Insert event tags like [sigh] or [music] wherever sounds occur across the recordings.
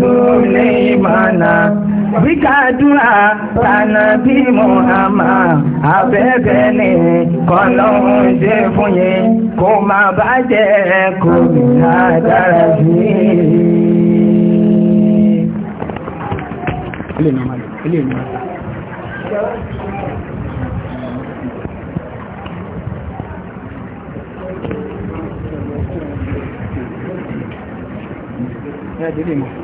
Suleimana Bíkàdúrà Tànàbí Mùhàmà Abẹ́bẹ́ ni kọ́lọ́hún ṣe fún yín kó má bàjẹ́ kò ní àdára sí Yeah, did he?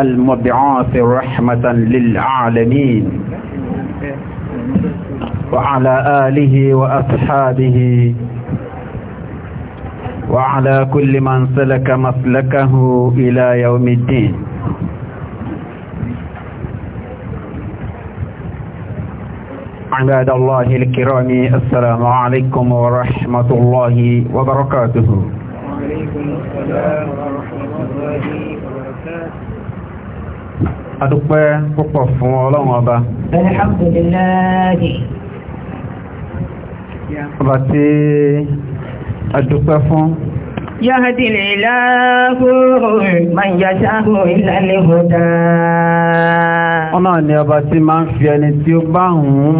المبعاث رحمة للعالمين وعلى آله وأصحابه وعلى كل من سلك مسلكه إلى يوم الدين عباد الله الكرام السلام عليكم ورحمة الله وبركاته وعليكم السلام ورحمة الله وبركاته adúpẹ́ púpọ̀ fún ọlọ́run ọba ọba tí adúpẹ́ fún Yáhádì lè láàrùn máa yà sáàrùn ìlàlẹ̀ ọ̀dá. Ọ̀nà ni ọba tí máa ń fi ẹni tí ó bá hùn ún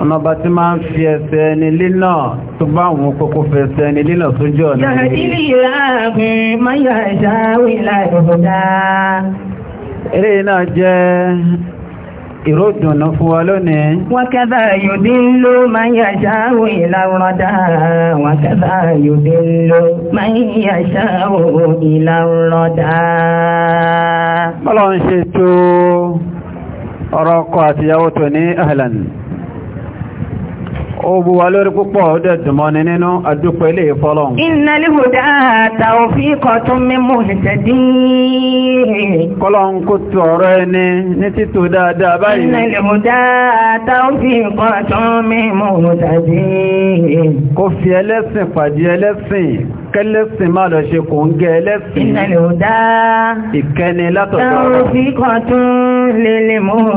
ọ̀nà bá ti máa ń fi ẹsẹ̀ ẹni lélà tó bá wọn kókó fẹ́ ẹsẹ̀ ẹni lélà tó jọ ọ̀nà eré fún wa lónìí wákàtà yòdí ló máa yà ṣáàwò ìlàrọ̀dá wákàtà yòdí ló máa yà ṣáàwò ìlàrọ̀dá bọ́lọ̀ ń ṣe tó ọ̀rọ̀ ọkọ àtìyàwó tó ní ahlan Obu wa lórí púpọ̀ ọdẹ dùnmọ́ni nínú àdúpẹ́ ilé ìfọ́lọ́n. Iná líhù dáadáa òfin ikọ̀ tún mímú ìtẹ̀dí. Kọ́lọ́n kó tu ọ̀rọ̀ ẹni ní títò dáadáa báyìí. Iná líhù dáadáa òfin ikọ̀ tún mímú ìtẹ̀dí kẹ́lẹ́sìn máa lọ ṣe kò ń gẹ ẹlẹ́sìn ìrìnlẹ̀ ò dáa ìkẹni látọ̀dọ̀ ọ̀rọ̀ fíkàn tún rẹ̀ fún àníbà ọlọ́run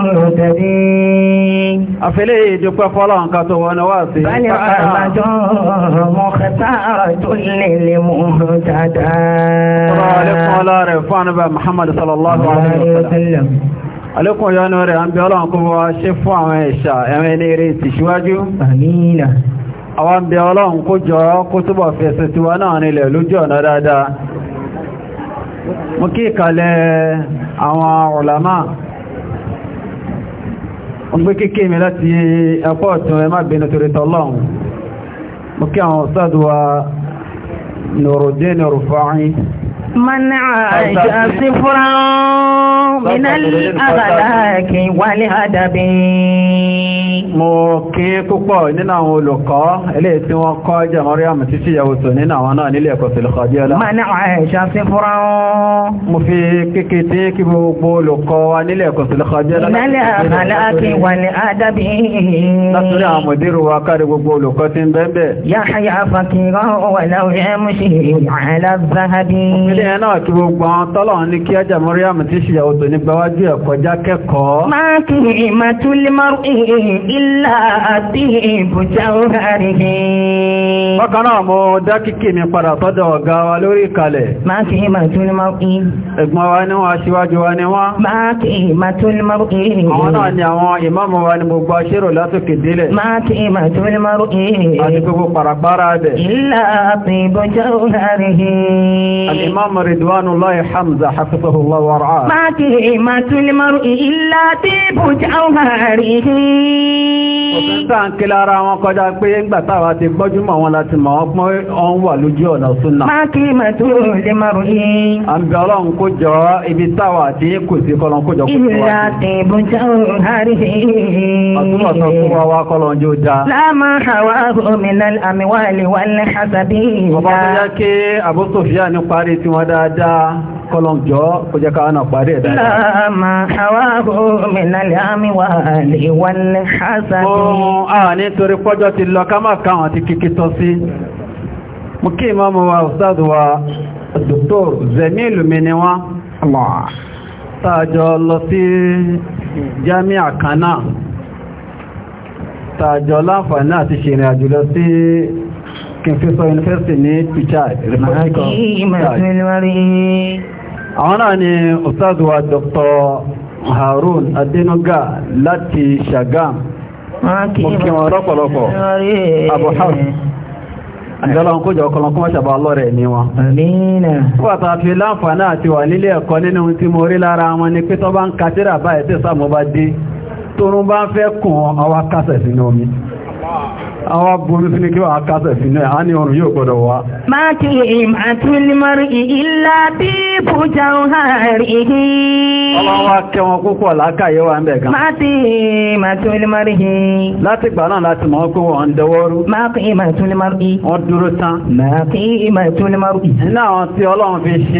kó wọ́n ṣe fún àwọn ẹ̀ṣà ẹ̀rẹ́ ilé rẹ̀ tìṣíwájú àmìnà àwọn ń bẹ ọlọ́run kó jọ kó túbọ̀ fẹsẹ̀ tiwa náà nílẹ̀ lójú ọ̀nà dáadáa mo kí ìkàlẹ̀ àwọn ọ̀làmá ọgbé kéèké mi láti ẹ̀pọ̀ ọ̀tún ẹ má bínú torí tọ́lọ́run mo kí àwọn ọ̀sádùwa Nuruddin Rufai من عاش صفرا من الأغلاك والهدب mo kí púpọ̀ nínú àwọn olùkọ́ ilé tí wọ́n kọ́ jẹ́ mọ́ríàmù títí ìyàwó tó nínú àwọn náà nílé ẹ̀kọ́ sílẹ̀ kọjẹ́ ọlá. mọ́nà àìṣà sí fúnra wọn. mo fi kéèkéé tí kí gbogbo olùkọ́ wa nílé ẹ̀kọ́ sílẹ̀ kọjẹ́ ọlá ṣe ẹ̀ náà tí gbogbo àwọn tọ́lọ̀ ní kí ẹjà mọ́ríàmù tí ṣìyàwó tó ní ẹ̀ kọjá kẹ́kọ̀ọ́. máa kì máa tún lè máa rí ìlà àti ìbùjá orí rẹ̀. bákan náà mo dá mi padà sọ́dọ̀ ọ̀gá wa lórí ìkàlẹ̀. máa kì í máa tún wa ni wọ́n wa ni wọ́n. máa kì í máa tún lè máa rí. àwọn náà ni àwọn ìmáàmù wa ni gbogbo aṣèrò látòkè délẹ̀. máa kì í الإمام رضوان الله حمزة حفظه الله ورعاه ما تهمة المرء إلا طيب جوهره Òfíntàn kí lára wọn kọjá pé ńgbà táwa ti gbọ́jú mọ̀ wọn láti mọ̀ wọn pọ́n ọ̀n wà lójú ọ̀nà súnà. Má kí mọ̀ tó lè máa rò yí. À ń ọlọ́run kó jọ ibi táwa àti kò sí kọ́lọ́n kó jọ kó wá. Ìlà tẹ̀bùn jẹ́ òun wọn dáadáa kọlọ̀njọ́ kó jẹ́ káwọn náà parí ẹ̀dá. láàmà àwáhù mìnàlẹ̀ àmì wà lè wà lè hásàdì. ohun a nítorí pọ́jọ́ ti lọ ká máa káwọn ti kíkí tọ́ sí. mo kí ìmọ̀mọ̀ wa ustad wa dr zemilu mi ni wọ́n. tààjọ lọ sí jami'a kan náà tààjọ láǹfààní àti ṣèrìn àjò lọ sí kí n fi sọ yunifásitì ní Pichai rìpọ́tíkọ̀ àwọn náà ni ustaz wa Dr. Harun Adenuga láti Ṣàgám mo kí wọn lọ́pọ̀lọpọ̀ Abu Hafs àjọ́lọ́n kójọ ọkọlọ́kún wáṣàbà lọ́rẹ̀ ní wọn. wọ́ta fi láǹfààní àti wà nílé ẹ̀kọ́ nínú tí mo rí lára wọn ni pé tọ́ bá ń kàtírà báyẹ̀ tí sàmọ́ bá dé tórún bá ń fẹ́ kùn àwọn kásẹ̀ sínú omi àwọn burú sí ní kí wà kásẹ̀ sí náà a ọrùn yóò gbọdọ̀ wá. máa kí ìm limari ìlà bí bùjá hàrí hì. limari hì. láti gbà náà láti mọ̀ pé wọ́n limari. wọ́n dúró tán. máa limari. iná àwọn tí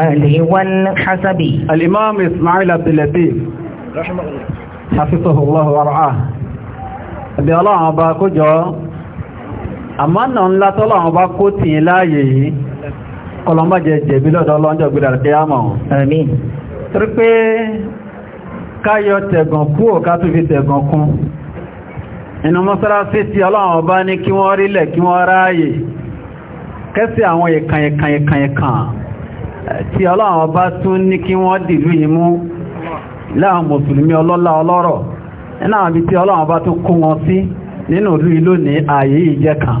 الجمال والحسب الإمام إسماعيل عبد اللطيف حفظه الله ورعاه bí الله ọba kó jọ àmọ́nà ńlá tọ́lọ́run ọba kó tí ń láàyè yìí kọlọmọ́jẹ jẹ̀bí lọ́dọ̀ ọlọ́njọ́ gbìdà rẹ̀ yá mọ̀ àmín torí pé káyọ tẹ̀gàn kú ò ká tún fi tẹ̀gàn kún inú ọlọ́run ọba ní kí wọ́n rílẹ̀ kí wọ́n ráàyè kẹ́sì àwọn ìkànyẹ̀kànyẹ̀kànyẹ̀kàn tí ọlọ́run bá tún ní kí wọ́n dìlú yìí mú láwọn mùsùlùmí ọlọ́lá ọlọ́rọ̀ iná àbí tí ọlọ́run bá tún kó wọn sí nínú ìlú ní ààyè ìjẹ́ kan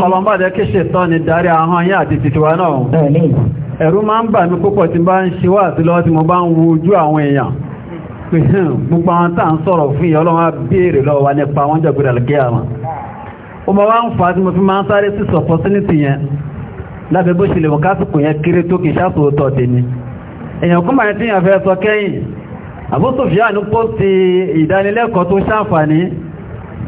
Kọlọmbàdẹ́ kí ṣètọ́ ni darí àwọn yá àti titiwa náà. Ẹ̀rù máa ń bà mí púpọ̀ tí bá ń ṣe wà sí lọ́wọ́ tí mo bá ń wo ojú àwọn èèyàn. Gbogbo àwọn tàà ń sọ̀rọ̀ fún ìyá ọlọ́wọ́ lọ́wọ́ wa nípa wọ́n jẹ́ gbọ́dọ̀ gẹ́ àwọn. Ó mọ wá ń fà á tí mo fi máa ń sáré sí opportunity yẹn. Lábẹ́ bó ṣe lè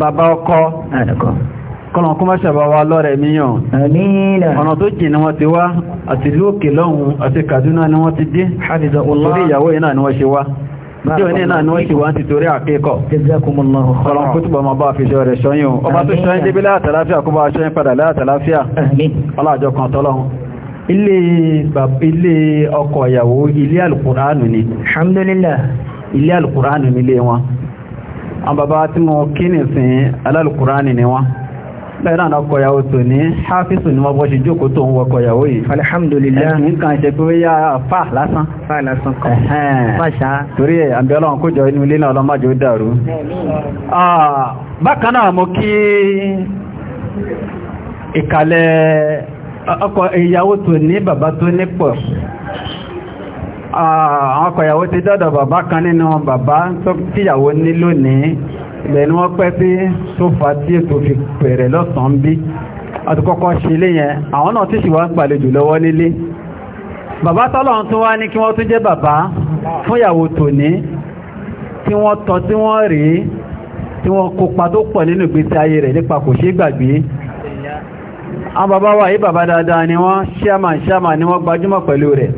bàbá ọkọ kọ́nà kó má ṣàbá wa lọ́rẹ̀ míyàn ọ̀nà tó jìn ni wọ́n ti wá àti ìlú òkè lọ́hun àti Kaduna ni wọ́n ti dé orí ìyàwó iná ni wọ́n ṣe wá tí òní náà ni wọ́n ṣe wá ti torí àkẹ́kọ̀ọ́ kọ́nà kó túbọ̀ ma bá fi ṣọ́ rẹ̀ ṣọ́yún ọba tó ṣọ́yún débí láàtàláfíà kó bá ṣọ́yún padà láàtàláfíà ọlájọ kan tọ́lọ́hun ilé ilé ọkọ ìyàwó ilé alùkùránù ni alhamdulillah ilé alùkùránù ni ilé wọn àwọn bàbá tí mo kí ní sin alálùkùránì ni wọ́n lẹ́yìn náà kọ̀yàwó tó ní hafizu ni wọ́n bọ́ ṣe jókòó tó ń wọ kọ̀yàwó yìí alhamdulillah ẹ̀sìn kan ṣe pé yá fà lásán fà lásán kan fà ṣá torí ẹ̀ àbí ọlọ́run kó jọ inú ilé náà ọlọ́májò dàrú ah, bákan náà mo kí ìkàlẹ̀ ọkọ Ah, àwọn ọkọ̀yàwó ti dọ́dọ̀ bàbá kan nínú bàbá tó kíyàwó ní lónìí ibẹ̀ ni wọ́n pẹ́ sí tó fà tí ètò fi pẹ̀rẹ̀ lọ́sàn bí àtùkọ́kọ́ ṣe lé yẹn àwọn náà tí ṣìwá ń gbàlejò lọ́wọ́ nílé bàbá tọ́lọ̀ tún wá ní kí wọ́n tún jẹ́ bàbá fúnyàwó tòní tí wọ́n tọ́ tí wọ́n rí tí wọ́n kópa tó pọ̀ nínú ìgbésí ayé rẹ̀ nípa kò ṣe gbàgbé àwọn bàbá wa yí bàbá dáadáa ni wọ́n ṣíàmà ṣíàmà ni wọ́n gbajúmọ̀ pẹ̀lú rẹ̀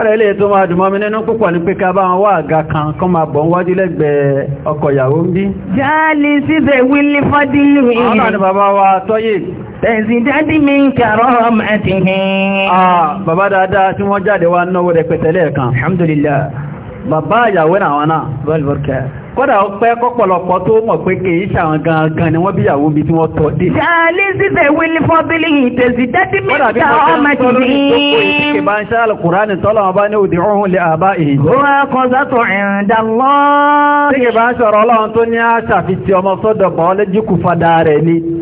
ọ̀rẹ́ ilé tó máa dùnmọ́ mi nínú púpọ̀ ní pé ká bá wọn wá àga kan kọ́ máa bọ̀ wájú lẹ́gbẹ̀ẹ́ ọkọ̀ ìyàwó ń bí. jáàlì síbẹ̀ wílé fọ́dílù yìí. àwọn àti bàbá wa tọ́yè. tẹ̀sí dáàdì mi ń kódà ó pẹ́ kọ́pọ̀lọpọ̀ tó mọ̀ pé kìí ṣàwọn gangan ni wọ́n bíyàwó bí tí wọ́n tọ́ dé. ṣáàlì síbẹ̀ wílì fún bílì ìtẹ̀sí dẹ́tí mẹ́ta ọmọ ti ní. ìbá ń ṣáàlù kùránì tọ́lọ̀ wọn bá ní òdì ọ̀hún lè àbá èyí. wọ́n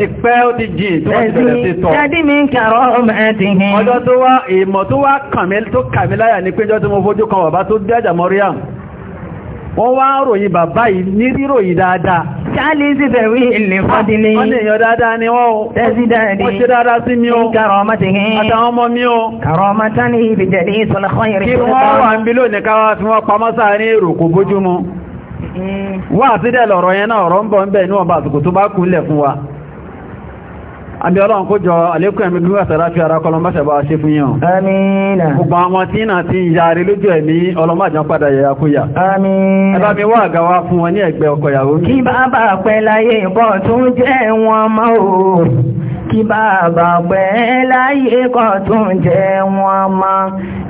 ti pẹ́ ó ti jìn tó wọ́n ti bẹ̀rẹ̀ sí tọ̀. Ṣadí mi ń kàrọ̀ ọmọ ẹ̀ ti hin. Ọjọ́ tó wá ìmọ̀ tó wá kàmí tó kàmí láyà ní péjọ́ tí mo fojú kan bàbá tó dájà Mọ́ríàm. Wọ́n wá ròyìn bàbá yìí ní ríròyìn dáadáa. Ṣáàlì sì fẹ̀wí ilẹ̀ ah, fọ́dílé. Wọ́n ní èèyàn dáadáa ni wọ́n o. Tẹ́sí dáadé. Wọ́n ṣe dáadáa sí mi o. Kàrọ̀ ọmọ ti hin. Àtàwọn ọmọ mi o. Kàrọ̀ ọmọ tání ibi jẹ̀dí ìsọ̀lẹ̀ kan ìrìn. Kí wọ́n wà ń bí lónìí ká wá fi wọ́n pamọ́ sáà ní èrò kò bójúmu. Wá àti dẹ̀ lọ̀rọ̀ yẹn náà ọ̀rọ̀ ń bọ̀ ń bẹ̀ níwọ̀n bá àsìkò tó bá kú fún wa àbí ọlọ́run kó jọ àlékún ẹ̀mí gbígbà tẹ́lá fi ara kọlọmọ́sẹ̀bá ṣe fún yàn. àmìnà gbogbo àwọn tí náà ti ń lójú ẹ̀mí ọlọ́mọ́jọ́ padà yẹ̀yà kó yà. àmìnà ẹbá mi wá àgáwá fún wọn ní ẹgbẹ́ ọkọ kí bá bá pẹ́ láyé ìbọn tó jẹ́ wọn mọ́ kí bàbá pẹ́ láyé kọ́ tún jẹ wọn mọ́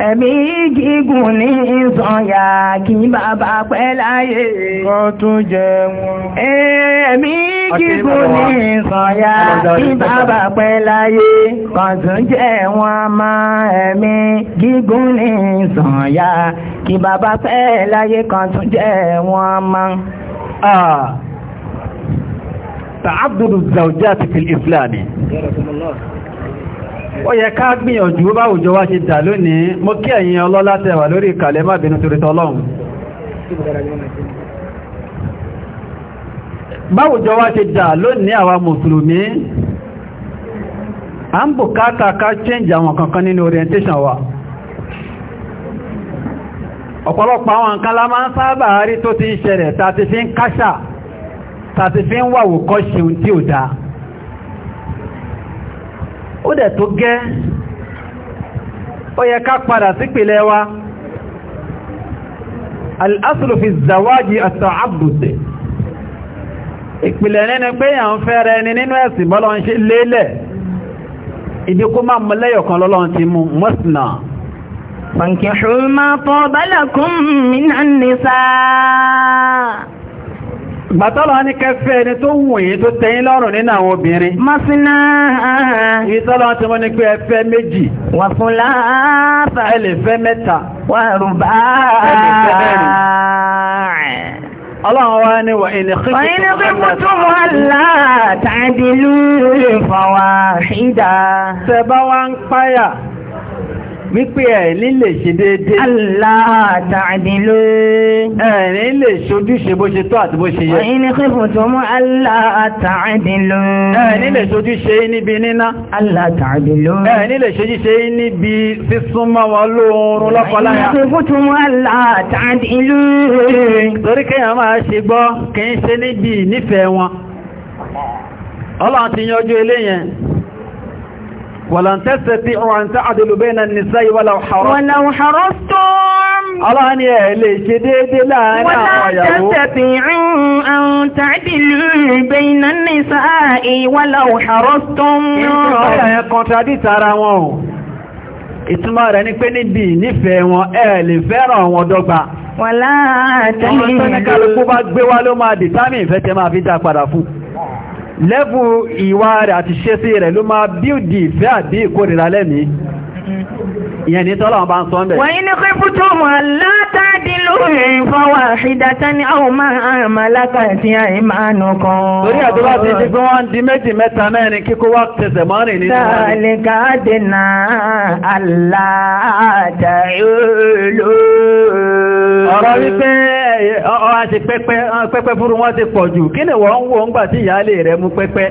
ẹ̀mí gígùn ní ìsànyà kí bàbá pẹ́ láyé kọ́ tún jẹ wọn ẹ̀mí gígùn ní ìsànyà kí bàbá pẹ́ láyé kọ́ tún jẹ wọn mọ́ ẹ̀mí gígùn ní ìsànyà kí bàbá pẹ́ láyé kọ́ tún jẹ wọn mọ́ tààbùdù zàújá ti fi ìfìlàní ó yẹ ká gbìyànjú bá òjò wá ṣe dà lónìí mo kí ẹ̀yin ọlọ́lá tẹ̀wà lórí ìkàlẹ̀ má bínú torí tọ́lọ́run báwùjọ wá ṣe dà lónìí àwa mùsùlùmí a ń bùkátà ká change àwọn kankan nínú orientation wa ọ̀pọ̀lọpọ̀ àwọn nǹkan la máa ń sábà rí tó ti tàti fi ń wà wò kọ́ ṣe ohun tí ò dáa ó dẹ̀ tó gẹ́ ó yẹ ká padà sípìlẹ̀ wa al'asùlù fi zàwájì àtàbùsẹ̀ ìpìlẹ̀ nínú pé yà ń fẹ́rẹ̀ ni nínú ẹ̀sìn bọ́lọ́ ń ṣe lélẹ̀ ìdí kó máa mú lẹ́yọ̀kan lọ́lọ́run ti mú mọ́sìnà فانكحوا ما طاب لكم من النساء Gbàtọ́lọ̀ ní kẹfẹ́ ẹni tó wù yí tó tẹ́yìn lọ́rùn nínú àwọn obìnrin. Mọ́síná ààrùn. Ìtọ́lọ̀ ti mọ́ ní pé ẹfẹ́ méjì. Wà fún láàfà. Ẹ fẹ́ mẹ́ta. Wà rùbá. Ẹ fẹ́ mẹ́rin wípé ẹ̀ nílè ṣe déédé. aláàtàdínló. ẹ̀ nílè ṣojúṣe bó ṣe tó àti bó ṣe yẹ. ẹ̀yin ni kíkùn tó mú aláàtàdínló. ẹ̀ nílè ṣojúṣe níbi níná. aláàtàdínló. ẹ̀ nílè ṣojúṣe níbi sísúnmọ́ wọn lóorun lọ́kọláya. ẹ̀yin ni tó mú aláàtàdínló. ولن تستطيعوا أن تعدلوا بين النساء ولو حرصتم ولو حرصتم الله أن يهلي شديد لا ولن تستطيعوا أن تعدلوا بين النساء ولو حرصتم ìtumọ̀ rẹ̀ ní pé níbi ìnífẹ̀ẹ́ wọn ẹ̀ lè fẹ́ràn wọn dọ́gba wọ́n láàá tẹ́lẹ̀ ìlú ọmọ tó ní kálukú bá gbé wá ló máa dìtámì ìfẹ́ tẹ́ máa fi dá padà fún lẹ́bù ìwà rẹ̀ àti ṣe sí rẹ̀ ló máa bíòdì ìfẹ́ àbí ìkórìíra lẹ́mìí ìyẹn ní tọ́lọ̀ bá ń sọ ọ́nbẹ̀. wọ́n ní kí fútó mọ̀ látàdí lórí ìfọwọ́ ìdátání àwòmá àmàlákà tí a ì máa nù kan. torí ẹ̀tọ́ bá ti di pé wọ́n di méjì mẹ́ta mẹ́rin kíkó wá tẹsẹ̀ mọ́rin nínú wọn. sàlẹ̀ káàdì náà aláàdá olú. ọ̀rọ̀ wípé ọ̀ àti pẹ́pẹ́ fúru wọn ti pọ̀ jù kí ni wọ́n ń wo ńgbà tí ìyáálé rẹ̀ mú pẹ́pẹ́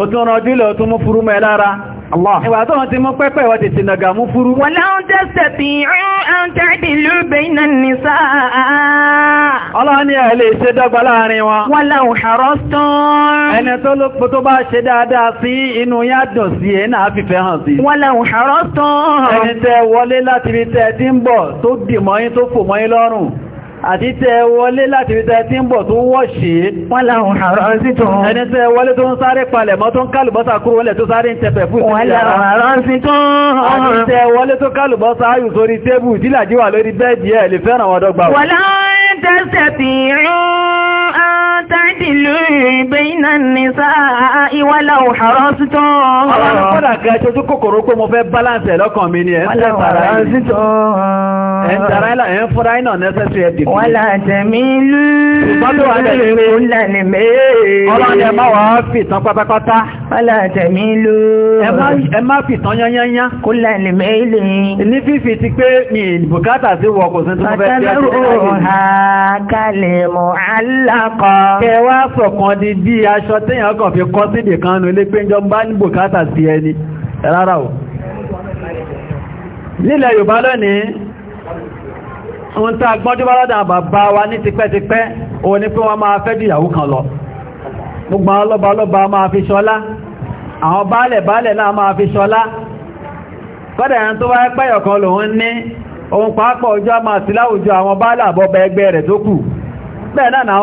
ó tún rọjú lọ tún mú fúru mẹ́ lára. Ìwà tó wọ́n ti mú pẹ́pẹ́ wọ́n ti nàgà mú fúrú. Wọ́n láwọn tẹ́sẹ̀ tí ń tẹ́ẹ̀dì lóògbé iná nìsá. Ọlọ́run ni ẹ̀ lè ṣe dọ́gba láàrin wọn. Wọ́n láwọn àrọ́ tán. Ẹni tó ló tó bá ṣe àti tẹ wọlé láti fi tẹ tí ń bọ̀ tó wọ́ṣì wọ́n láhùn àrán sí tó ń ẹni tẹ wọ́lé tó ń sáré palẹ̀ mọ́ tó ń kálùbọ́sà kúrò wọlé tó sáré ń tẹpẹ̀ fún ìsìnkú àrán sí tó ń àti tẹ wọlé tó kálùbọ́sà ayù sórí tébù dílàjíwà lórí bẹ́ẹ̀dì ẹ̀ lè fẹ́ràn wọn dọ́gba wọ́n láhùn tẹ́sẹ̀ تعدلوا بين النساء ولو حرصتم ọlọ́run kọ́dà gan ṣojú kòkòrò pé mo fẹ́ balance ẹ̀ lọ́kàn mi ni ẹ̀ ń tẹ̀sára yìí ẹ̀ ń tara ẹ̀ ń fúnra iná nẹ́sẹ̀sì ẹ̀ dìbò. wọ́n là tẹ̀mí lú. ṣùgbọ́n tó wà ọlọ́run ẹ̀ máa wà á fi ìtàn pátápátá. Ọlá àtẹ̀mí ló. Ẹ má fi tán yányányá. Kó lẹ́lì méèlì. Ní fífi ti pé mi bùkátà sí wọ kò sí tó fẹ́ di bí aṣọ téèyàn kàn fi kọ́ sídìí kan nù lé pé ń jọ bá ní o. Nílẹ̀ Yorùbá lónìí, ohun tá a gbọ́njú lọ́dà bàbá wa ní tipẹ́tipẹ́, òun ni pé wọ́n máa fẹ́ ju ìyàwó kan lọ. gbogbo àwọn ọlọ́ba ọlọ́ba máa fi ṣọlá àwọn baálẹ̀ baálẹ̀ náà máa fi ṣọlá kọ́dà tó wáyé kan lòun ní ohun pàápọ̀ ojú a máa àwọn báálẹ̀ àbọ́bẹ̀ ẹgbẹ́ rẹ̀ tó kù bẹ́ẹ̀ náà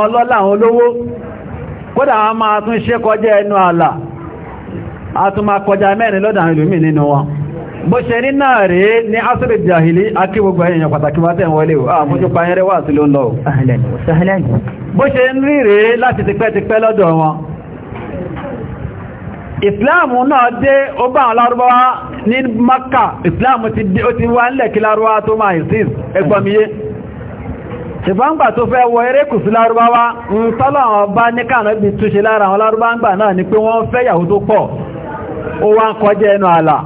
àwọn bó ṣe rí náà rí ní asìrì jahili akí gbogbo èèyàn pàtàkì wá tẹ́yìn wọlé àmójú pàyẹrẹ wà sí ló ń lọ bó ṣe ń rí rí láti tipẹ́tipẹ́ lọ́dọ̀ wọn ìsìláàmù náà dé ó bá àwọn lárúbáwá ní Makka ìsìláàmù ti wá ń lẹ̀kí lárúbáwá tó máa ìsìn ẹgbọ́miyé ṣìfàǹgbà tó fẹ́ wọ erékùsù lárúbáwá ń tọ́lọ̀ àwọn bá ní kànáà bí túnṣe lára àwọn lárúbáǹgbà náà ni pé wọ́n fẹ́ yàwó tó pọ̀ ó wá ń kọjá ẹnu àlà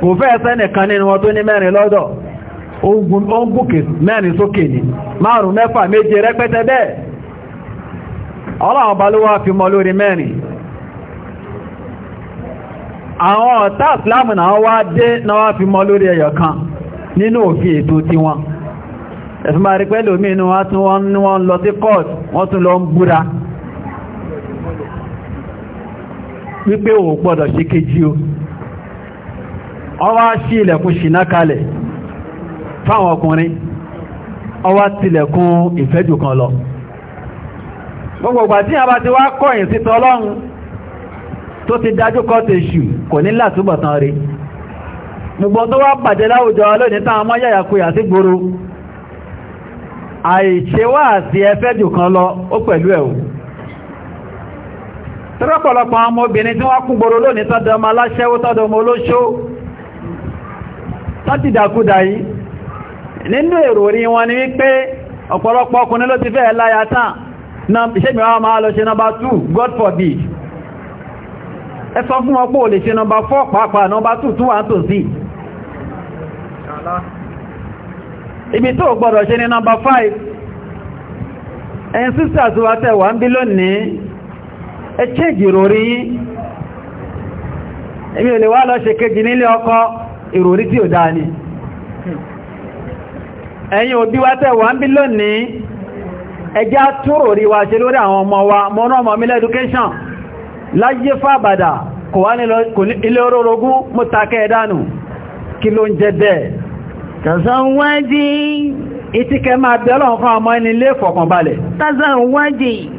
kò fẹ́ sẹ́nìkan nínú wọn tó ní mẹ́rin lọ́dọ̀ ogun mẹ́rin sókè ní márùn mẹ́fà méje rẹ́pẹ́tẹ́ bẹ́ẹ̀ ọlọ́run fi mọ́ lórí mẹ́rin àwọn ọ̀tá dé fi mọ́ lórí kan nínú ètò pẹ́lú omi wọ́n wọ́n lọ sí wọ́n wípé gbọ́dọ̀ o ọwá sí ilẹ̀kùn ṣìná kalẹ̀ fáwọn ọkùnrin ọwá tilẹ̀kùn ìfẹ́jù kan lọ gbogbogbà tí a bá ti wá kọ̀yìn sí tọ́lọ́run tó ti dájú kọ́ ti ṣù kò ní látúbọ̀tán rí gbogbo tó wá bàjẹ́ láwùjọ lónìí táwọn ọmọ yàyà kuyà sí gbòòrò àìṣewà àti ẹfẹ́jù kan lọ ó pẹ̀lú ọmọ obìnrin tí wọ́n kún gbòòrò lónìí tọ́dọ̀ ọmọ aláṣẹ́wó tọ́dọ̀ ọmọ olóṣó láti dàkúdà yìí nínú èrò orí wọn ni wípé ọ̀pọ̀lọpọ̀ ọkùnrin ló ti fẹ́ láyá tán na ìṣẹ́gbẹ̀ wọn máa lọ ṣe nọmba 2 god forbid ẹ sọ fún wọn pé ò lè ṣe nọba 4 pàápàá nọba 2 tún wà ń tò sí ibi tó gbọ́dọ̀ ṣe ní nọmba 5 ẹ̀yin sisters wa tẹ́ wà ń bí lónìí ẹ ìròrí tí ò dáa ni ẹ̀yin òbí wa tẹ́ wà ń bí lónìí ẹjá túrò rí wa ṣe lórí àwọn ọmọ wa mọ́nà ọmọ mílẹ̀ education láyé fàbàdà kò wá nílé orórogún mú takẹ́ ẹ̀dánù kí ló ń jẹ bẹ́ẹ̀ tazawwaji ìtíkẹ́ máa bẹ́ọ̀lọ́ fún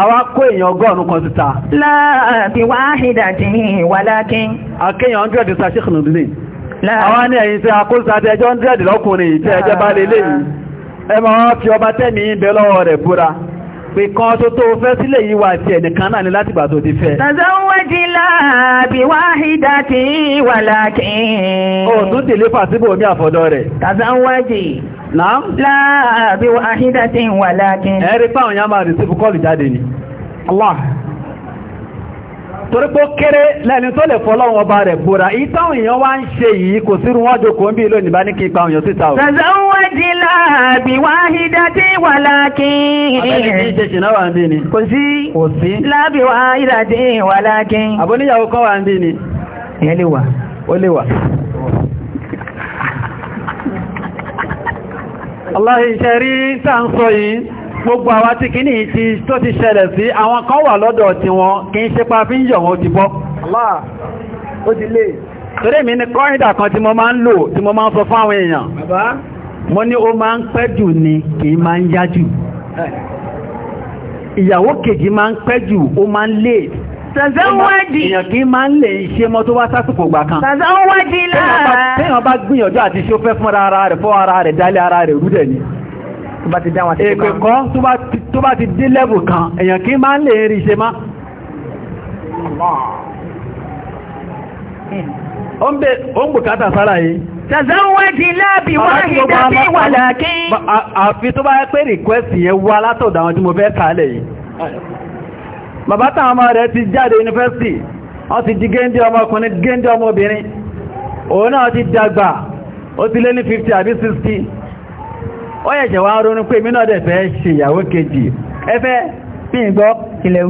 àwa kó èèyàn ọgọ́rùn kan síta. láàbí wáhídà tí wàlákin. àkéyàn 100 síta ṣe kùnú lè. àwa ní ẹ̀yìn tí a kó síta tí ẹjọ́ 100 lọ́kùnrin ìtẹ́ ẹjẹ́ bá lè lè yìí ẹ máa fi ọba tẹ́ni ibẹ̀ lọ́wọ́ rẹ̀ búra pé kan tó tó fẹ́ sílẹ̀ yìí wà tí ẹnìkan náà ni láti bà tó ti fẹ́. tàzánwájí láàbí wáhídà tí wàlákin. ó tún tèlé fàtíbò mi àfọ̀dọ́ rẹ̀. tàzánwájí Náà? Láàbí wa àhídàtí wà láàkín. Ẹ̀rí pàwọn ya máa rìsífù kọlù jáde ni. Allah. Torí pé ó kéré lẹ́ni tó lè ọba rẹ̀ búra, ìtàwọn èèyàn wá ń ṣe yìí kò sírun wọ́n jò kó ń bí ìlú ìnìbá ní kí ipa òyàn síta ò. Tazawwaji láàbí wà ni. Láàbí Allah iṣẹ́ rí sáà ń sọ yìí gbogbo àwa tí kìíní ti tó ti ṣẹlẹ̀ sí àwọn kan wà lọ́dọ̀ tí wọn kìí ṣe pa fi ń yọ̀ wọn ti bọ́. Allah ó ti lè. ni kọ́rìdà kan tí mo máa ń lò tí mo máa ń sọ ni kìí máa ń yá jù. Eh. Ìyàwó kejì máa ń pẹ́ jù ó máa ń late. Tàzáwádìí. Èèyàn kì í máa ń lè ṣe mọ́ tó wá sásìkò ìgbà kan. Tàzáwádìí láàá. Téèyàn bá gbìyànjú àti ṣe ó fẹ́ fún ara rẹ̀ fọ́ ara rẹ̀ dálé ara rẹ̀ rúdẹ̀ ni. Tó bá ti dá wọn sí kan. Èpè kọ́ tó bá ti dé lẹ́bù kan, èèyàn kì í máa ń lè rí ṣe má. Ó ń bè ó ń bùkátà sára yìí. Tàzáwádìí láàbì wá ìdájí wà láàkín. Àfi tó bá pé request yẹn wá látọ̀dọ̀ àwọn tí mo fẹ́ kálẹ̀ yìí bàbá táwọn ọmọ rẹ̀ ti jáde yunifásitì wọ́n ti di géńdé ọmọkùnrin géńdé ọmọbìnrin òun náà ti dàgbà ó ti lé ní 50 àbí 60 ó yẹ̀ṣẹ̀ wá ronú pé mínú ọdẹ̀ fẹ́ ṣe ìyàwó kejì ẹfẹ́ bí ìgbọ́ ilẹ̀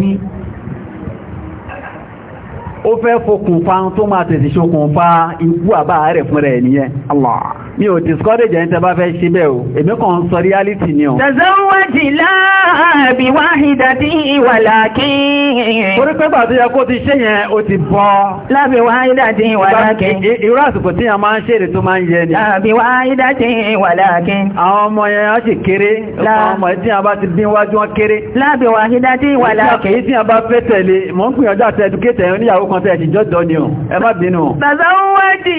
ó fẹ́ fokùnfà tó máa tẹ̀sí ṣokùnfà ikú àbá rẹ̀ fún rẹ̀ Allah mi ò discourage ẹni tẹ́ bá fẹ́ ṣe bẹ́ẹ̀ o èmi kàn ń sọ reality ni o. tazawwaji la bi wahidati walakin. torí pé gbà tó yẹ kó ti ṣe yẹn o ti bọ́. la bi wahidati walakin. irú àsìkò tí yẹn máa ń ṣèrè tó máa ń yẹ ni. la bi wahidati walakin. àwọn ọmọ yẹn á sì kéré. la àwọn ọmọ tí yẹn bá ti bí wájú wọn kéré. la bi wahidati walakin. èyí tí yẹn bá fẹ́ tẹ̀lé mò ń gbìyànjú àti ẹdùkétẹ̀ oníyàwó kan tẹ̀ ẹ̀ṣìjọ́ dọ́ ni o ẹ má bínú. tazawwaji.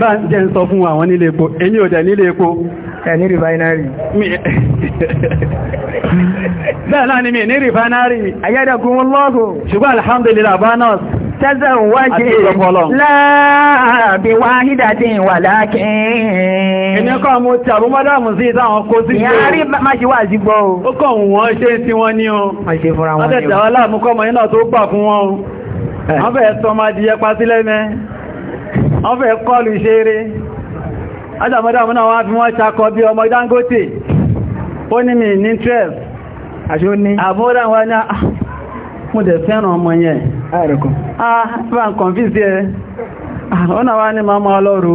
bá ń jẹ́ ń sọ fún àwọn nílé epo èmi ò nílé epo ẹni rìfáínárì bẹ́ẹ̀ náà ni mi ní rìfáínárì ayádẹ́kùn lọ́gùn ṣùgbọ́n alhamdulillah banos tẹ́sẹ̀ wájí láàbí tí àbúmọ́dá mú sí ìtàwọn kó sí ìgbò o ṣe o wọn wọ́n fẹ́ kọlù ṣe eré ádàmọ́dàmọ́ náà wọ́n fi wọ́n ṣakọ bí ọmọ Dangote ó ní mi ní 12 àṣíó ní àbúrà wọ́n ní ah, mú ọmọ yẹn ààrẹ̀kùn ah, ah bá ń kọ̀nfíìsì ẹ ah, wá ní màmá ọlọ́rù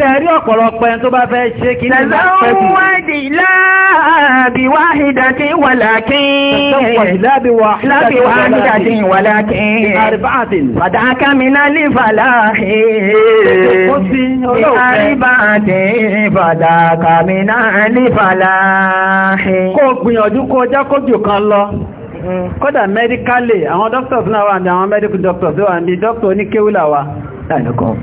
ṣe rí ọ̀pọ̀lọpọ̀ ẹni tó bá fẹ́ ṣe kí ní ìlàpẹ́ sí. Tazawwadi láàbí wahidatin walakin. Tazawwadi láàbí wahidatin walakin. Àríbáàtìn. Fàdákà mi náà lè fàláhì. Àríbáàtìn fàdákà mi náà lè fàláhì. Kó gbìyànjú kó mm-hmm. kódà mẹ́díkálì àwọn doctors náà wà ní àwọn medical doctors wà ní doctor oníkéwìlà wa ẹnìkan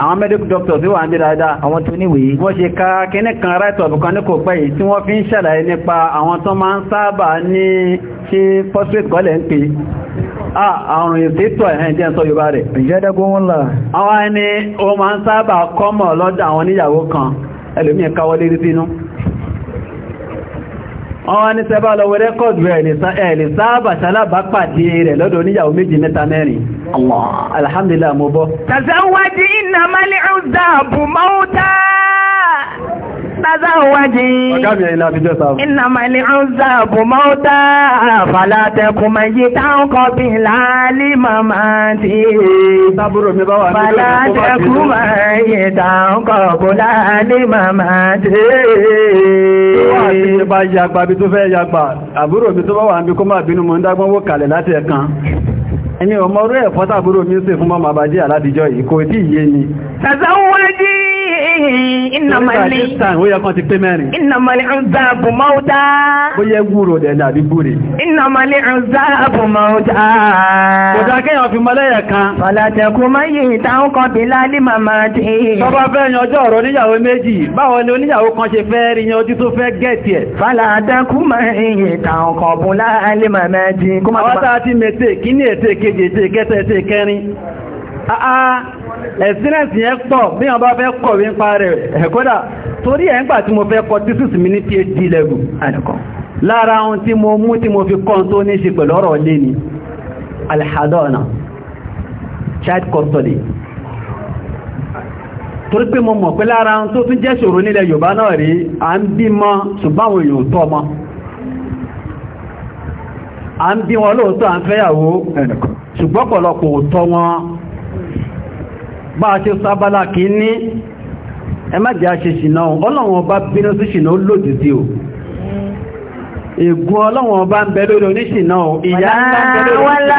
àwọn medical doctors tí wà ń bí dáadáa àwọn tó níwèé wọ́n ṣe ká kíní kan right of kan ní kò pẹ́ yìí tí wọ́n fi ń ṣàlàyé nípa àwọn tó máa ń sábà ní ṣe prostate gọ́lẹ̀ ń pè àrùn ìsètò ẹ̀hẹ́ jẹ́ sọ yorùbá rẹ̀ ìjẹ́dẹ́gún ọwọ́ ní sẹ́bà lọ́wọ́ rẹ́kọ̀dù ẹ̀lẹ̀ sáàbà sálábà pàdé rẹ̀ lọ́dọ̀ oníyàwó méjì mẹ́ta mẹ́rin alhamdulillah mo bọ́ tàzánwájí ìnàmálẹ̀ ọ̀zàbù máa tàzá wájì. Ọ̀gá mi ẹ̀yìn láti jẹ́ta. Iná máa ní ọ̀zà bù mọ́ta, àfàlà tẹkùn máa yí táwọn kan bí láàlì màmá ti. Sábúrò mi bá wà ní ìlú ọkọ̀ bá ti. Fàlà tẹkùn àbúrò mi tó bá wà níbi kó máa bínú mọ́ ń dágbọ́n wó kalẹ̀ láti ẹ̀kan ẹni ọmọ orí ẹ̀fọ́ tàbúrò mi ń ṣe fún mọ́ màbájí àládìjọ́ yìí tí ìyé ni. tàzá wọ́n jí ìnàmàlì ìnàmàlì ìzáàbù mọ́ta bóyẹ gúrò dẹ̀ dàbí búrè ìnàmàlì ìzáàbù mọ́ta kòdá kéèyàn fi mọ́lẹ́yẹ̀ kan fàlàtẹ̀kù máyì ìtàun kan bí lálí màmá tí tọ́bá fẹ́ yan ọjọ́ ọ̀rọ̀ oníyàwó méjì báwọn ni oníyàwó kan ṣe fẹ́ rí yan ojú tó fẹ́ gẹ̀ẹ́tì ẹ̀ fàlàtẹ̀kù máyì ìtàun kan bí lálí màmá tí ẹ̀sìnẹ̀sì ah, ah, yẹn pọ̀ bí wọ́n bá fẹ́ kọ̀wé ń pa rẹ̀ ẹ̀kọ́dà eh, torí ẹ̀ ń gbà tí mo fẹ́ kọ thesis mi ní phd level àdìkan lára ohun tí mo mú tí mo fi kọ́ tó ní ṣe pẹ̀lú ọ̀rọ̀ lé ni alhadona child custody torí pé mo mọ̀ pé lára ohun tó tún jẹ́ ṣòro nílẹ̀ Yorùbá ń bí wọn lóòótọ́ à ń fẹ́yàwó ṣùgbọ́n pọ̀lọpọ̀ òótọ́ wọn bá a ṣe sábálà kí ní ẹ má jẹ́ àṣẹ ṣìnà ọlọ́run ọba bínú sí ṣìnà ó lòdì sí o ègún ọlọ́run ọba ń bẹ lórí oníṣìnà o ìyá ńlá ń bẹ lórí oníṣìnà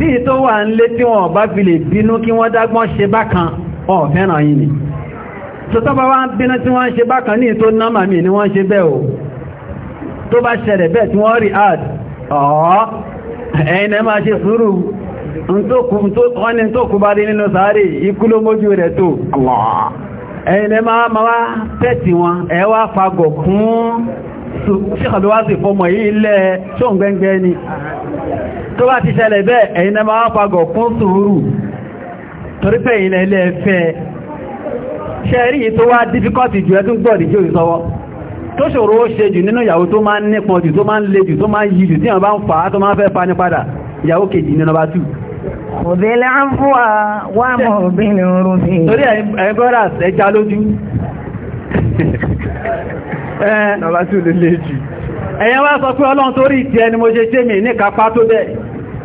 tí tó wà ń lé tí wọ́n bá fi lè bínú kí wọ́n dágbọ́n ṣe bákan ọ̀ yìí ni tó tọ́bá wá ń bínú tí wọ́n ṣe bákan ní tó náà mi ni wọ́n ṣe bẹ́ẹ̀ o tó bá ṣẹlẹ̀ bẹ́ẹ̀ tí wọ́n rí ad ọ̀ọ́ ẹ̀yin ẹ máa ṣe sùúrù wọ́n ni tó kú bá rí nínú sáré ikú ló mójú rẹ̀ tó ẹ̀yin ẹ máa wá tẹ́tì tó bá ti ṣẹlẹ̀ bẹ́ẹ̀ ẹ̀yin náà máa pàgọ̀ sùúrù torí pé ilẹ̀ ilẹ̀ fẹ́ ṣẹ́rí tó wá dífíkọ́tì jù ẹtún gbọ́dì jù ìsọwọ́ tó ṣòro ó ṣe jù nínú ìyàwó tó máa ń jù tó máa ń le jù tó máa ń yí jù tí wọ́n bá ń fà á tó máa ń fẹ́ fani padà ìyàwó kejì ní nọba 2 òdè láàfúwà wà mọ̀ òbínú rúfì torí [laughs] ẹ̀yẹn wá sọ pé ọlọ́run torí ìtì ẹni mo ṣe ṣe mi ní kápá tó bẹ́ẹ̀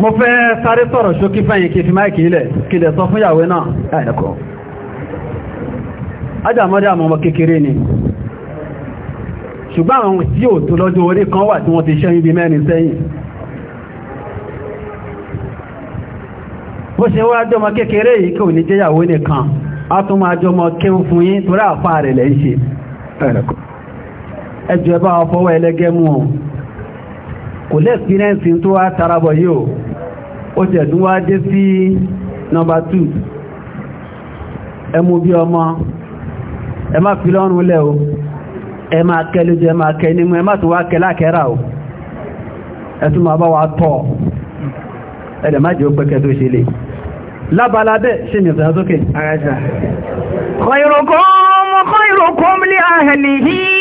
mo fẹ́ sáré sọ̀rọ̀ ṣókí fẹ́yìn kí fi máìkì ilẹ̀ kí lẹ̀ sọ fún ìyàwó náà ẹ̀ẹ̀kọ́ ájàmọ́dé àmọ́mọ́ kékeré ni ṣùgbọ́n àwọn tí ò tó lọ́jọ́ orí kan wà tí wọ́n ti ṣẹ́yìn bí mẹ́rin sẹ́yìn bó ṣe wá jọmọ kékeré yìí kò ní jẹ́yàwó nìkan a ó ti ẹ̀tún wá dé sí nọmbà 2 ẹmú bí ọmọ ẹ má fi lọ́rùn lẹ́ o ẹ má kẹ́ lójú ẹ má kẹ́ nímú ẹ má tún wá kẹ́ lákẹ́rà o ẹtún máa bá wa tọ́ ẹ̀dẹ̀ má jẹ́ ó pẹ́kẹ́ tó ṣe lè lábala bẹ́ẹ̀ ṣe mi ọ̀sán sókè. li ahlihi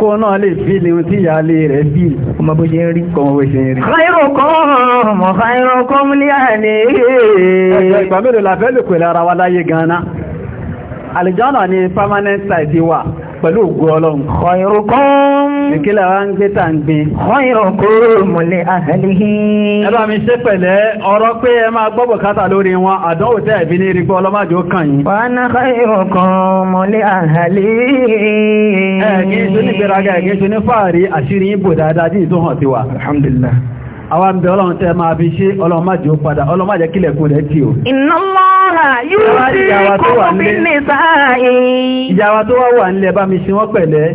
kó náà lè fi lè tí ìyá lè rẹ̀ bí ọmọ bó ṣe ń rí kọmọ bó ṣe ń rí. khairukum khairukum li ahlihi. ẹ̀sẹ̀ ìgbà mélòó la fẹ́ lè pè lára wa láyé gan-an àlìjọ́nà ni permanent site wà pẹ̀lú ògùn ọlọ́run. khairukum Ìkílà mm. wa ń gbé tàà ń gbé. Wọ́n yóò kúrò mọ̀lẹ̀ àhẹ́lìhí. Ẹ bá mi ṣe pẹ̀lẹ́, ọ̀rọ̀ pé ẹ máa gbọ́ bùkátà lórí wọn, àdánwò tẹ́ ẹ̀bí ní irigbọ́ ọlọ́májì ó kàn yín. Wọ́n yóò kúrò mọ̀lẹ̀ ń ṣe Alhamdulillah àwọn àmì ọlọ́run tẹ́ máa fi ṣe ọlọ́run má jẹ́ ó padà ọlọ́run má jẹ́ kílẹ̀ kó rẹ̀ tí ó. ìnáwọ́ra bá mi ṣe wọ́n pẹ̀lẹ́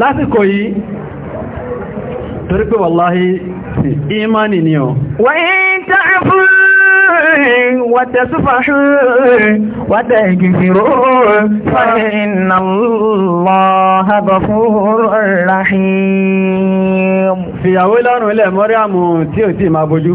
lásìkò yìí torí pé wàláhí ìmáni ni ọ wọ́n tààfù wàtẹ̀sùfàṣù wàtẹ̀gìfìrò fàìnà lọ́hàbà fúrúrà ṣe fìyàwó lọ́rùn ilẹ̀ mọ́rí àmù tí ò tí ma bojú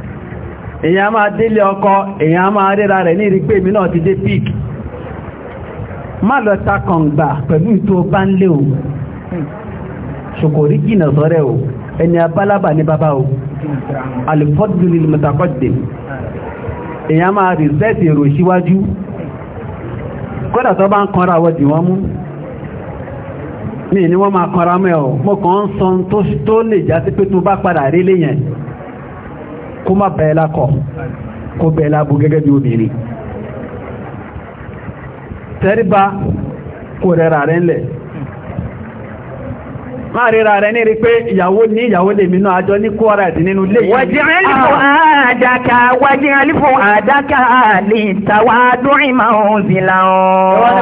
èyàn máa délé ọkọ èyàn máa ríra rẹ̀ ní ìrígbé mi náà ti dé pík má lọ ta kàngbà pẹ̀lú ìtò bá ń lé o ṣòkòrí jìnà sọ́rẹ́ o ẹni abálábà ní bàbá o alifọ́dúnlì mẹ́takọ́dẹ̀ mi ni wọ́n máa kanra mẹ́ o mo kàn ń sọ tó lè já sí pé tó bá padà rí léyìn Kuma má bẹ̀ẹ́ lákọ̀ kó bẹ̀ẹ́ lábú gẹ́gẹ́ bí obìnrin tẹ́ríba kò rẹ̀rà rẹ̀ ń lẹ̀ máa ríra rẹ̀ ní rí pé ìyàwó ní ìyàwó lè mínú àjọ ní kó ara ìdí nínú lè tàwà dúrin máa ń wọ́n ni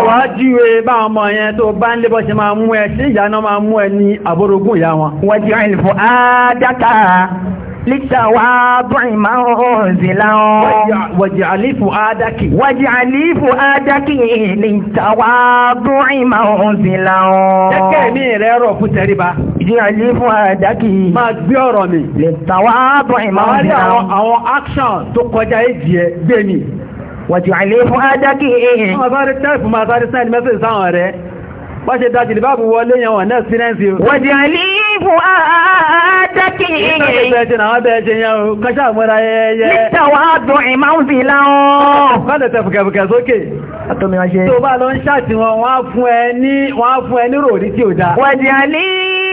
wàá jíwe bá ọmọ lítàwà bọ́ìn máa ń rọ̀nzìlá ọ́n. wàjì àlífù ádákì. wàjì àlífù ádákì lítàwà bọ́ìn máa ń rọ̀nzìlá ọ́n. jẹ́kẹ́ mi rẹ̀ rọ̀ fún tẹríba. ìdí àlífù ádákì. máa gbé ọ̀rọ̀ mi. lítàwà bọ́ìn máa ń rọ̀nzìlá ọ́n. àwọn action tó kọjá èjì ẹ gbé mi. wàjì àlífù ádákì. máa sáré tẹ́ẹ̀fù máa sáré sáyẹn mẹ́sẹ̀ sáwọn rẹ̀. bá ṣe dájú fún àádákì yìí. Ìtàbẹ̀ jẹ́ náà bẹ́ẹ̀ jẹ́ yẹn o, kọjá àmúra yẹ́yẹ́. Níta wà á dùn ìmáhùnfì láwọn. Kọ́lẹ̀ tẹ fùkẹ̀fùkẹ̀ sókè. Àtọ́mi wá ṣe. Tó bá lọ ń ṣàtìwọ̀n, wọ́n á fún ẹ ní ròrí tí ò dáa. Wẹ̀dì àlíì.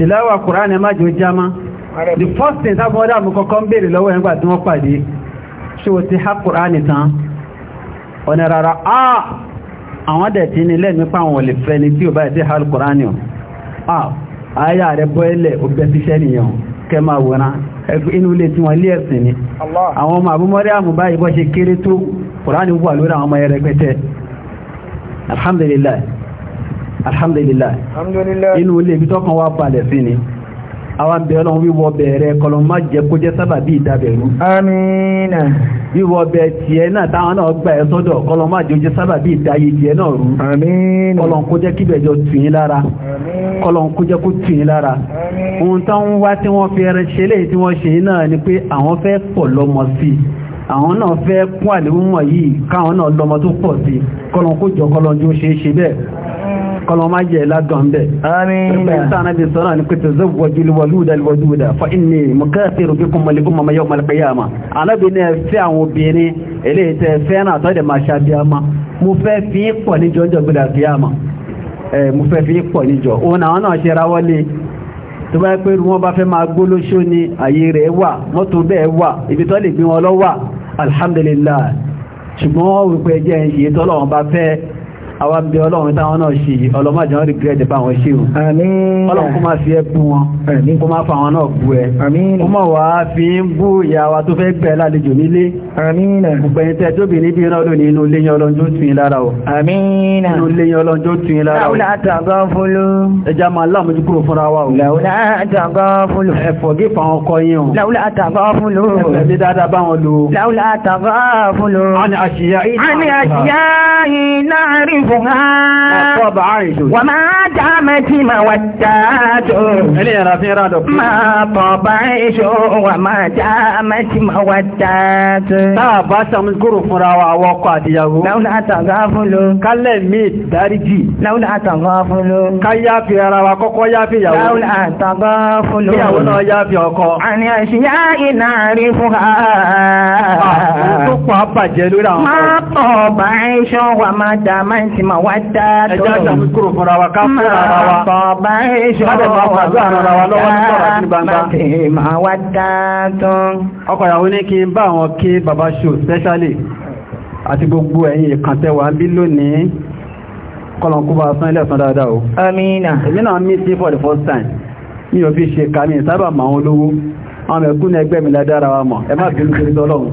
tìláwà kùránì má jò jámá the first thing tábọn ọdá mú kọ́kọ́ ń bèèrè lọ́wọ́ ẹgbà tí wọ́n pàdé ṣe ò ti há kùránì tán ọ̀nà rárá ah àwọn dẹ̀ tí ní lẹ́nu pàwọn olè fẹ́ ni tí ò bá ti há kùránì ah ayá rẹ̀ bọ́ ilẹ̀ ó bẹ́ síṣẹ́ nìyàn kẹ máa wòrán inú ilé tí wọ́n lé ẹ̀sìn ni àwọn ọmọ àbúmọ́rí àmúbá ìbọ́ ṣe kéré tó kùránì wà lórí àwọn ọmọ ẹrẹgbẹ́tẹ́ alhamdulillah alhamdulillah inú ilé ibi tọ́kàn wá balẹ̀ sí ni àwọn abẹ́ ọlọ́run wíwọ bẹ̀rẹ̀ kọlọmá jẹ kó jẹ́ sábà bí ìdábẹ̀rú amínà wíwọ bẹ̀ tí ẹ náà táwọn náà gbà ẹ sọ́dọ̀ kọlọmá jẹ jẹ́ sábà bí ìdáyé tí ẹ náà rú amínà kọlọm kó jẹ́ kíbẹ̀jọ tùyín lára kọlọm kó jẹ́ kó tùyín lára ohun táwọn wá tí wọ́n fi ẹran ṣe léyìí tí wọ́n ṣe náà ni pé àwọn fẹ́ pọ̀ lọ́mọ sí àwọn náà fẹ́ kún àlè kọlọ máa jẹ ládùn bẹ. pẹpẹ sáànà bí sọ́nà ni kòtò zẹ́ wọ́jú wàlúùdà wàlúùdà fa inni mukathiru bikum mali umma ma yawmal qiyama. alábìnrin ẹ fẹ́ àwọn obìnrin eléyìí tẹ fẹ́ náà tọ́ de máa ṣàbíyàmá mo fẹ́ fi pọ̀ ní jọ́jọ́ gbọ́dọ̀ àbíyàmá mo fẹ́ fi pọ̀ ní jọ òun àwọn náà ṣe rawọ́ lé tó bá pé wọ́n bá fẹ́ máa gbó lóṣó ni àyè rẹ̀ wà mọ́tò bẹ́ẹ̀ wà ibi tó lè gbé wọn lọ wà ṣùgbọ́n wípé jẹ́ ìyẹ́tọ́lọ́wọ́n bá fẹ́ àwọn bí ọlọ́run táwọn náà ṣe ọlọ́mọdé wọn rìgírẹ́dì bá wọn ṣe o ọlọ́run kó máa fi ẹ́ bú wọn kó máa fa àwọn náà bú ẹ kó mọ̀ wá fi ń bú ìyá wa tó fẹ́ gbẹ̀ lálejò nílé gbẹ̀yìn tẹ́ tóbi níbi iná lónìí inú léyìn ọlọ́njọ́ tún in lára o inú léyìn ọlọ́njọ́ tún in lára o ẹja máa láàmójú kúrò fúnra wa o ẹ̀fọ́ gé fa ọkọ yín o ẹ̀fẹ́ dáadáa bá wọn lò ó. láwùlá àtàgọ́ fúlò. àṣìyá ìlànà أطلابها وما دامت مودات ما طاب عيش وما دامت مودات تابا سمذكر فراوة وقعت يغو لولا تغافلوا كلمي دارجي لولا تغافلوا كيا في راوة كوكو يا في يغو لولا تغافلوا يا ولا يا في أكو عن أشياء نعرفها ما طاب عيش وما دامت ti máa wá dá tó ẹjá ṣàfikúrò fúnra wa àti gbogbo ẹ̀yin ìkàntẹ́wà bí lónìí kọlọ̀kúbà sán ilẹ̀ sán dáadáa o. amina. èmi náà mí sí for the first time ní òfin ṣe kàmí ìsábà máa olówó àwọn ẹ̀kún ẹgbẹ́ mi ládára wa mọ̀ ẹ má bínú torí tọ́lọ́run